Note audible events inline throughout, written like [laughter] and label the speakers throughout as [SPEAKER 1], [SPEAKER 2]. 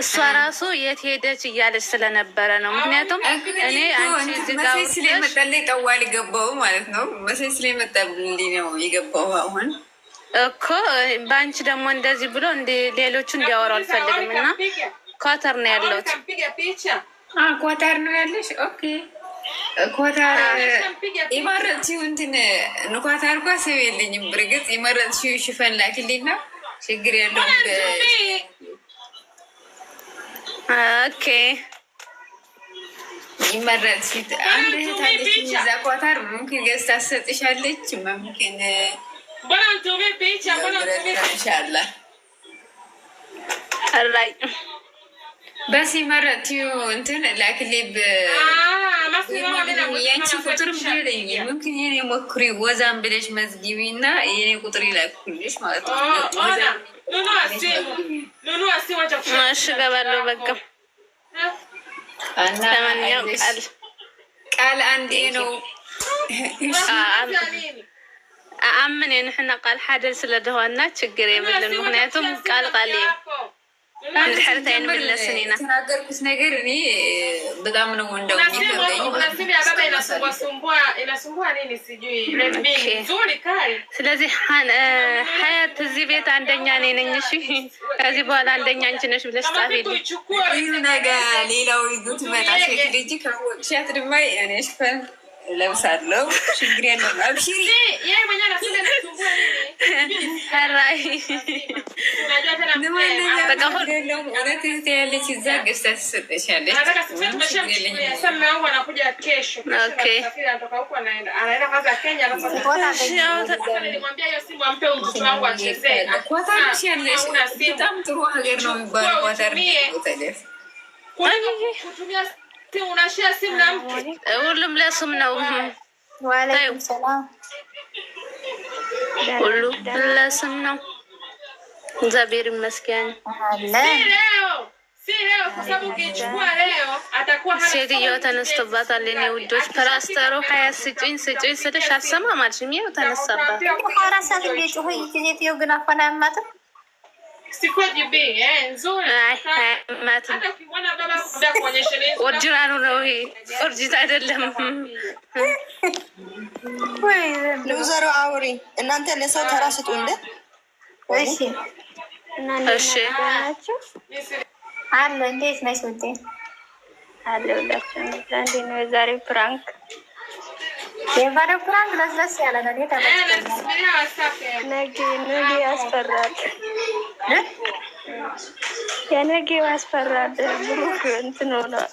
[SPEAKER 1] እሷ ራሱ የት ሄደች እያለች ስለነበረ ነው። ምክንያቱም
[SPEAKER 2] እኔ አንቺ ስለመጣልኝ ጠዋል ይገባው ማለት ነው መሴ ስለመጣልኝ ነው ይገባው አሁን
[SPEAKER 1] እኮ በአንቺ ደግሞ እንደዚህ ብሎ እንደ ሌሎቹ እንዲያወሩ አልፈልግም እና ኳተር ነው ያለሁት።
[SPEAKER 2] ኳተር ነው ያለሽ? ኦኬ ኳታር የመረጥሽው እንትን ንኳታር እኳ ሰብ የለኝም። ብርግጥ የመረጥሽው ሽፈን ላኪልኝ ነው ችግር ያለው
[SPEAKER 1] ኦኬ ah,
[SPEAKER 2] ይመረጥ ፊት አንድ እህታለች እዛ ኳታር ምምክን ገዝታ ትሰጥሻለች። ምምክን ሻላ አላይ በስ ይመረጥ ዩ እንትን ላክሌብ ያቺ ቁጥር ብለኝ ምምክን የኔ ሞክሪ ወዛም ብለሽ መዝጊቢ እና የኔ ቁጥር ይላክልሽ ማለት ነው። እሺ
[SPEAKER 1] እገባለሁ። በቃ
[SPEAKER 2] ለማንኛውም ቃል ቃል አንዴ ነው።
[SPEAKER 1] አምን የንሕና ቃል ሓደር ስለደሆና ችግር የብልን። ምክንያቱም ቃል ቃል እዩ አንድ
[SPEAKER 2] ተናገርኩት ነገር እኔ በጣም ነው እንደው
[SPEAKER 1] ስለዚህ ሀያት እዚህ ቤት አንደኛ እኔ ነኝ። እሺ ከዚህ በኋላ አንደኛ አንቺ ነሽ ብለሽ ጻፊ።
[SPEAKER 2] ነገ ሌላው ይዙት መጣ ሴት ልጅ ከወቅሻት ድማ እኔ ሽፈን ለብሳለሁ ችግር ያለው አብሽሪ ያለች እዛ ገዝታ ትሰጠሻለች። wanakuja kesho. በጣም ጥሩ ሀገር ነው የሚባለው ኳታር
[SPEAKER 1] ሁሉም ለስም ነው። ሁሉ ለስም ነው። እግዚአብሔር ይመስገን። ሴትዮ ተነስቶባታል። የኔ ውዶች ፕላስተሩ ሀያ ስጭኝ ስጭኝ ስልሽ አሰማም አልሽኝ። ይኸው ተነሳባት። ኦሪጂናሉ ነው። ኦርጂት አይደለም።
[SPEAKER 2] ሉዘሮ አውሪ እናንተ ለሰው ተራ ስጡ እንደ
[SPEAKER 3] እሺ አለ። እንዴት ነሽ ውዴ?
[SPEAKER 1] አለሁላችሁ። እንዴት ነው የዛሬው ፕራንክ?
[SPEAKER 3] የዛሬው ፕራንክ ለስለስ ያለ ነው።
[SPEAKER 1] ነገ ነገ ያስፈራል። የነገው ያስፈራል። ብሩክ እንትን ሆኗል።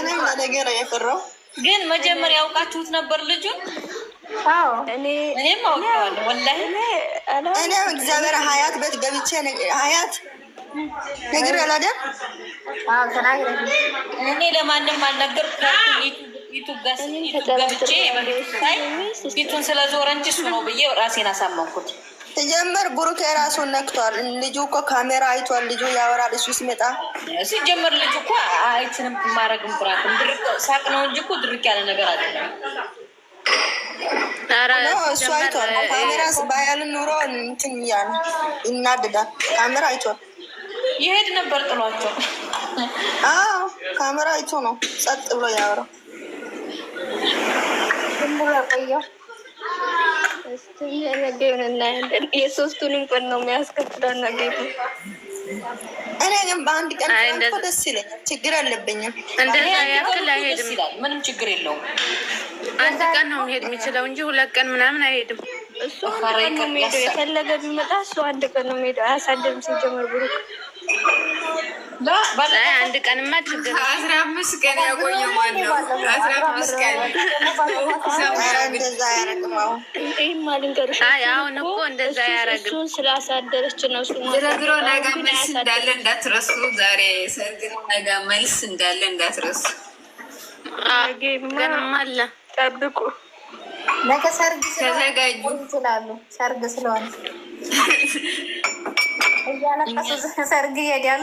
[SPEAKER 2] እኔ የፈራው። ግን መጀመሪያ ያውቃችሁት ነበር ልጁን? እኔም አውቀዋለሁ። እግዚአብሔር ሀያት ገብቼ ሀያት እኔ ለማንም አልነገርኩም። ገብቼ ፊቱን ስለዞረ እንጂ እሱ ነው ብዬ ራሴን አሳመንኩት። ሲጀመር ብሩክ የራሱን ነክቷል። ልጁ እኮ ካሜራ አይቷል። ልጁ ያወራል። እሱ ሲመጣ ሲጀመር ልጁ እኮ አይትንም ማድረግ ብራት ሳቅ ነው እንጂ እኮ ድርቅ ያለ ነገር አይደለም። እሱ አይቷል። ካሜራ ባያል ኑሮ እንትን እያለ ይናደዳል። ካሜራ አይቷል። ይሄድ ነበር ጥሏቸው። አዎ ካሜራ አይቶ ነው ጸጥ ብሎ ያወራው።
[SPEAKER 1] ዝም ብሎ ቆየው። እስኪ ነገ እናያለን። የሶስቱንም ቀን ነው የሚያስከፍላል። ነገ
[SPEAKER 2] እኔ ግን በአንድ ቀን ደስ ይለኛል። ችግር አለብኝም።
[SPEAKER 1] እንደዛ ያክል አይሄድም።
[SPEAKER 2] ምንም ችግር የለውም።
[SPEAKER 1] አንድ ቀን ነው መሄድ የሚችለው እንጂ ሁለት ቀን ምናምን አይሄድም።
[SPEAKER 3] እሱ አንድ ቀን ነው የሚሄደው። የፈለገ ቢመጣ እሱ አንድ ቀን ነው የሚሄደው። አያሳድርም ሲጀመር ብሩክ
[SPEAKER 1] አንድ ቀንማ ችግር
[SPEAKER 2] አስራ አምስት ቀን ያቆየ ማነው? አስራ አምስት ቀን
[SPEAKER 1] አሁን እኮ እንደዛ ያረግም
[SPEAKER 3] ስላሳደረች ነው።
[SPEAKER 2] ድረግሮ ነገ መልስ እንዳለ እንዳትረሱ። ዛሬ ሰርግ ነገ መልስ እንዳለ እንዳትረሱ።
[SPEAKER 1] ገንማ ጠብቁ።
[SPEAKER 3] ነገ ሰርግ ተዘጋጁ ይችላሉ። ሰርግ ስለሆነ [laughs] እያለቀሱ ሰርግ ይሄዳሉ።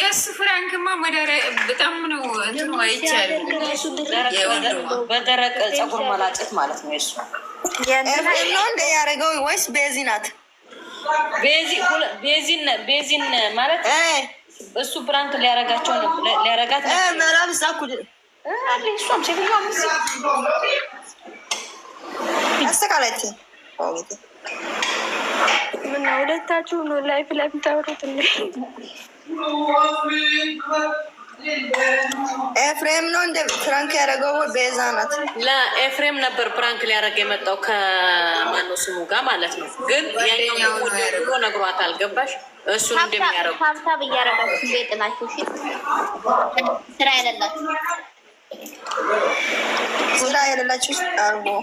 [SPEAKER 2] የእሱ ፍራንክማ መዳሪያ በጣም ነው እንትኑ አይቻልም። በደረቅ ፀጉር መላጨት ማለት ነው። የእሱ እንደ ያደረገው ወይስ ቤዚ ናት? ቤዚን ማለት እሱ ብራንክ ሊያረጋቸው ሊያረጋት አስተካላችን
[SPEAKER 1] ምነው ሁለታችሁ ነው ላይፍ ላይ የምታወሩት?
[SPEAKER 2] ኤፍሬም ነው እንደ ፕራንክ ያደረገው። ቤዛ ናት። ለኤፍሬም ነበር ፕራንክ ሊያደርግ የመጣው ከማነው ስሙ ጋር ማለት ነው። ግን ያኛው ብሎ ነግሯት አልገባሽ። እሱን እንደሚያደርጉ
[SPEAKER 3] ሀብታብ እያደረጋችሁ ስራ ያለላችሁ
[SPEAKER 2] ትችላላችሁ።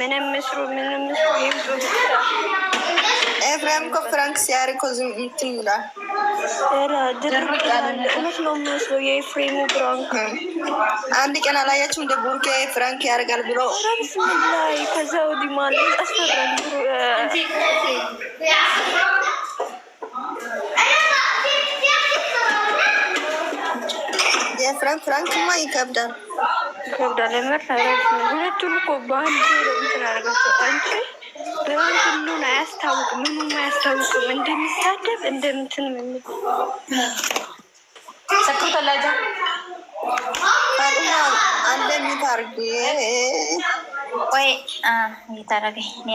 [SPEAKER 1] ምንም ምስሩ ምንም ምስሩ
[SPEAKER 2] ኤፍሬም እኮ ፍራንክ ሲያርግ እኮ ዝም እንትን ይላል።
[SPEAKER 1] ድርቅነት ነው የሚመስለው የኤፍሬሙ ብራንክ
[SPEAKER 2] አንድ ቀን አላያችሁም? እንደ ቡርኬ ፍራንክ ያደርጋል ብሎ
[SPEAKER 1] ላይ ከዛ ወዲህ ማለት
[SPEAKER 2] የፍራንክ ፍራንክማ ይከብዳል፣
[SPEAKER 1] ይከብዳል። ሁለቱን እኮ በአንድ እንትን አደረጋቸው አንቺ በምን ሁሉን አያስታውቅም፣ ምኑም አያስታውቅም። እንደሚሳደብ እንደምትን ምንል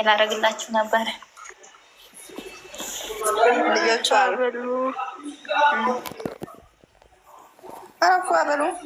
[SPEAKER 1] ላረግላችሁ ነበረ
[SPEAKER 2] ልጆቹ አበሉ አረፉ አበሉ